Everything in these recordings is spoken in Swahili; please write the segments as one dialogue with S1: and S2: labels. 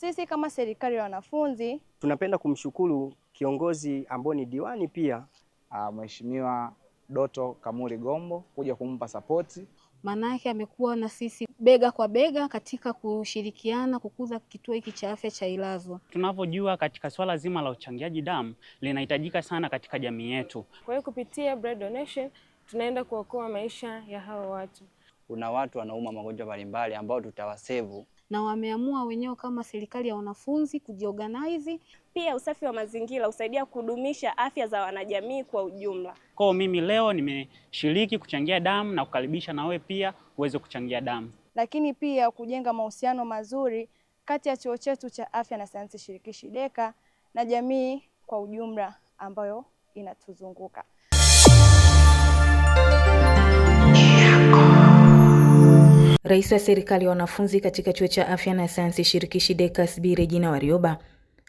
S1: Sisi kama serikali ya wanafunzi tunapenda kumshukuru kiongozi ambao ni diwani pia ah, Mheshimiwa Doto Kamuri Gombo kuja kumpa sapoti,
S2: yake amekuwa na sisi bega kwa bega katika kushirikiana kukuza kituo hiki cha afya cha Ilazo.
S3: Tunavyojua katika swala zima la uchangiaji damu linahitajika sana katika jamii yetu,
S4: kwa hiyo kupitia blood donation tunaenda kuokoa maisha ya hao watu.
S5: Kuna watu wanauma magonjwa mbalimbali ambao tutawasevu
S2: na wameamua wenyewe kama serikali ya wanafunzi kujiorganize.
S6: Pia usafi wa mazingira husaidia kudumisha afya za wanajamii kwa ujumla.
S3: Kwa mimi leo nimeshiriki kuchangia damu na kukaribisha na wewe pia uweze kuchangia damu,
S6: lakini pia kujenga mahusiano mazuri kati ya chuo chetu cha afya na sayansi shirikishi Deka na jamii kwa ujumla ambayo inatuzunguka.
S7: Rais wa serikali ya wanafunzi katika chuo cha afya na sayansi shirikishi Dekas B Regina Warioba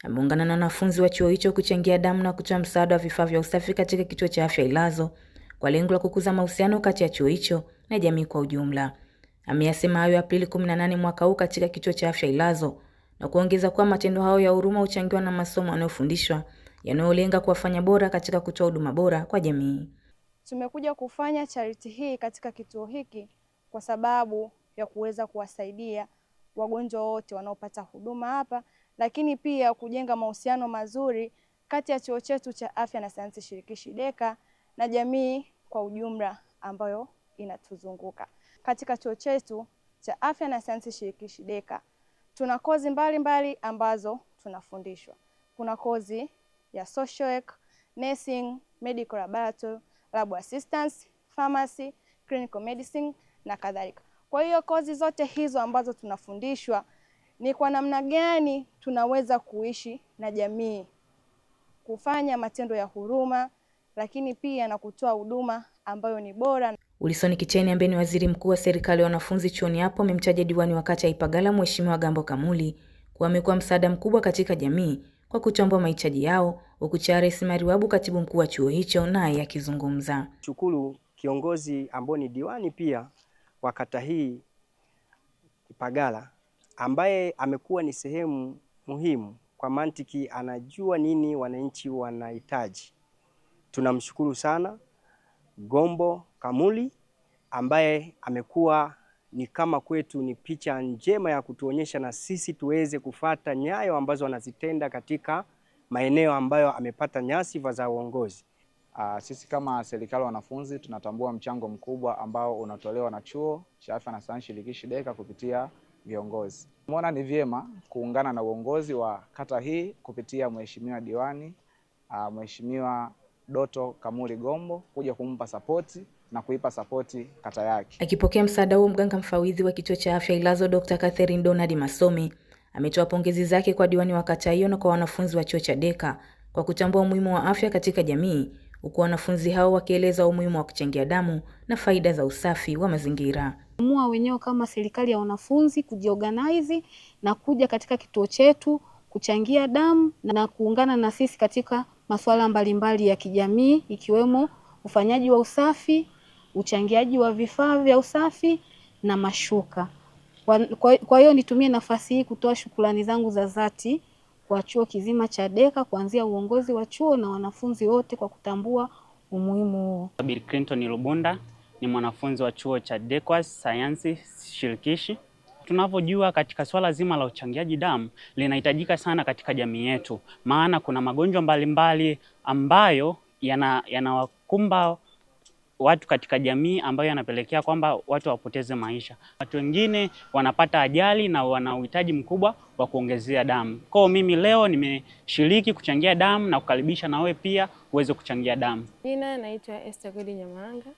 S7: ameungana na wanafunzi wa chuo hicho kuchangia damu na kutoa msaada wa vifaa vya usafi katika kituo cha afya Ilazo kwa lengo la kukuza mahusiano kati ya chuo hicho na jamii kwa ujumla. Ameyasema hayo Aprili 18 mwaka huu katika kituo cha afya Ilazo na kuongeza kuwa matendo hayo ya huruma huchangiwa na masomo yanayofundishwa yanayolenga kuwafanya bora katika kutoa huduma bora kwa jamii.
S6: Tumekuja kufanya charity hii katika kituo hiki kwa sababu ya kuweza kuwasaidia wagonjwa wote wanaopata huduma hapa, lakini pia kujenga mahusiano mazuri kati ya chuo chetu cha afya na sayansi shirikishi Deka na jamii kwa ujumla ambayo inatuzunguka. Katika chuo chetu cha afya na sayansi shirikishi Deka tuna kozi mbalimbali mbali ambazo tunafundishwa. Kuna kozi ya social work, nursing, medical laboratory, lab assistance, pharmacy, clinical medicine na kadhalika. Kwa hiyo kozi zote hizo ambazo tunafundishwa ni kwa namna gani tunaweza kuishi na jamii, kufanya matendo ya huruma, lakini pia na kutoa huduma ambayo ni bora.
S7: Ulisoni Kicheni ambaye ni waziri mkuu wa serikali ya wanafunzi chuoni hapo amemtaja diwani wa kata ya Ipagala Mheshimiwa Gambo Kamuli kuwa amekuwa msaada mkubwa katika jamii kwa kutambua mahitaji yao, huku Charles Mariwabu katibu mkuu wa chuo hicho naye akizungumza.
S1: Shukuru kiongozi ambao ni diwani pia wa kata hii Kipagala ambaye amekuwa ni sehemu muhimu kwa mantiki, anajua nini wananchi wanahitaji. Tunamshukuru sana Gombo Kamuli ambaye amekuwa ni kama kwetu ni picha njema ya kutuonyesha na sisi tuweze kufata nyayo ambazo anazitenda katika maeneo ambayo amepata nyasifa za uongozi.
S5: Uh, sisi kama serikali wanafunzi tunatambua mchango mkubwa ambao unatolewa na Chuo cha Afya na Sayansi Shirikishi Deka kupitia viongozi. Umeona ni vyema kuungana na uongozi wa kata hii kupitia Mheshimiwa Diwani uh, Mheshimiwa Doto Kamuri Gombo kuja kumpa sapoti na kuipa sapoti kata yake.
S7: Akipokea msaada huo, mganga mfawidhi wa kituo cha afya Ilazo Dr. Catherine Donald Masomi ametoa pongezi zake kwa diwani wa kata hiyo na kwa wanafunzi wa chuo cha Deka kwa kutambua umuhimu wa afya katika jamii huku wanafunzi hao wakieleza umuhimu wa kuchangia damu na faida za usafi wa mazingira.
S2: Amua wenyewe kama serikali ya wanafunzi kujiorganize na kuja katika kituo chetu kuchangia damu na kuungana na sisi katika masuala mbalimbali ya kijamii ikiwemo ufanyaji wa usafi, uchangiaji wa vifaa vya usafi na mashuka. Kwa hiyo nitumie nafasi hii kutoa shukrani zangu za dhati kwa chuo kizima cha Deka kuanzia uongozi wa chuo na wanafunzi wote kwa kutambua umuhimu huo.
S3: Bill Clinton Lubunda ni mwanafunzi wa chuo cha Dekwas sayansi shirikishi. Tunavyojua katika swala zima la uchangiaji damu linahitajika sana katika jamii yetu, maana kuna magonjwa mbalimbali ambayo yanawakumba yana watu katika jamii ambayo yanapelekea kwamba watu wapoteze maisha. Watu wengine wanapata ajali na wana uhitaji mkubwa wa kuongezea damu. Kwa mimi leo nimeshiriki kuchangia damu na kukaribisha na wewe pia uweze kuchangia damu.
S4: Jina naitwa Esther Godi Nyamanga,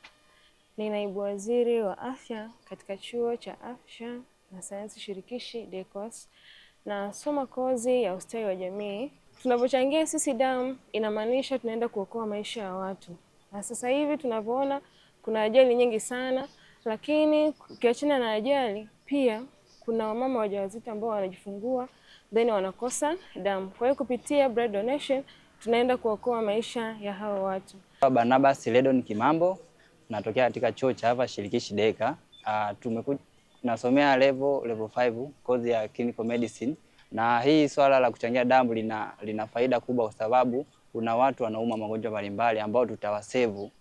S4: Ni naibu waziri wa afya katika chuo cha afya na sayansi shirikishi DECOS na soma kozi ya ustawi wa jamii. Tunapochangia sisi damu inamaanisha tunaenda kuokoa maisha ya watu. Na sasa hivi tunavyoona kuna ajali nyingi sana, lakini ukiachana na ajali, pia kuna wamama wajawazito ambao wanajifungua then wanakosa damu. Kwa hiyo kupitia blood donation tunaenda kuokoa maisha ya hao watu.
S5: Barnabas Ledon Kimambo, natokea katika chuo cha hapa shirikishi Deka. Uh, ah, tumekuja nasomea level level 5 course ya clinical medicine, na hii swala la kuchangia damu lina, lina faida kubwa kwa sababu kuna watu wanauma magonjwa mbalimbali ambao tutawasevu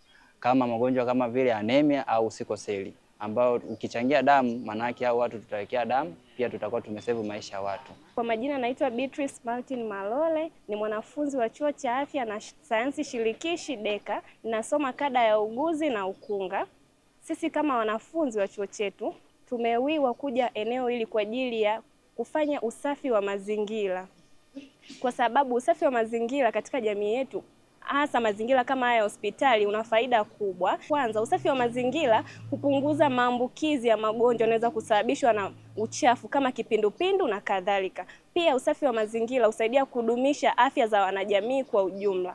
S5: kama magonjwa kama vile anemia au sikoseli, ambayo ukichangia damu manake hao watu tutawekea damu pia, tutakuwa tumesevu maisha ya watu.
S6: Kwa majina naitwa Beatrice Martin Malole, ni mwanafunzi wa chuo cha afya na sayansi shirikishi Deka, ninasoma kada ya uguzi na ukunga. Sisi kama wanafunzi wa chuo chetu tumewiwa kuja eneo hili kwa ajili ya kufanya usafi wa mazingira kwa sababu usafi wa mazingira katika jamii yetu hasa mazingira kama haya ya hospitali una faida kubwa. Kwanza, usafi wa mazingira hupunguza maambukizi ya magonjwa yanaweza kusababishwa na uchafu kama kipindupindu na kadhalika. Pia usafi wa mazingira husaidia kudumisha afya za wanajamii kwa ujumla.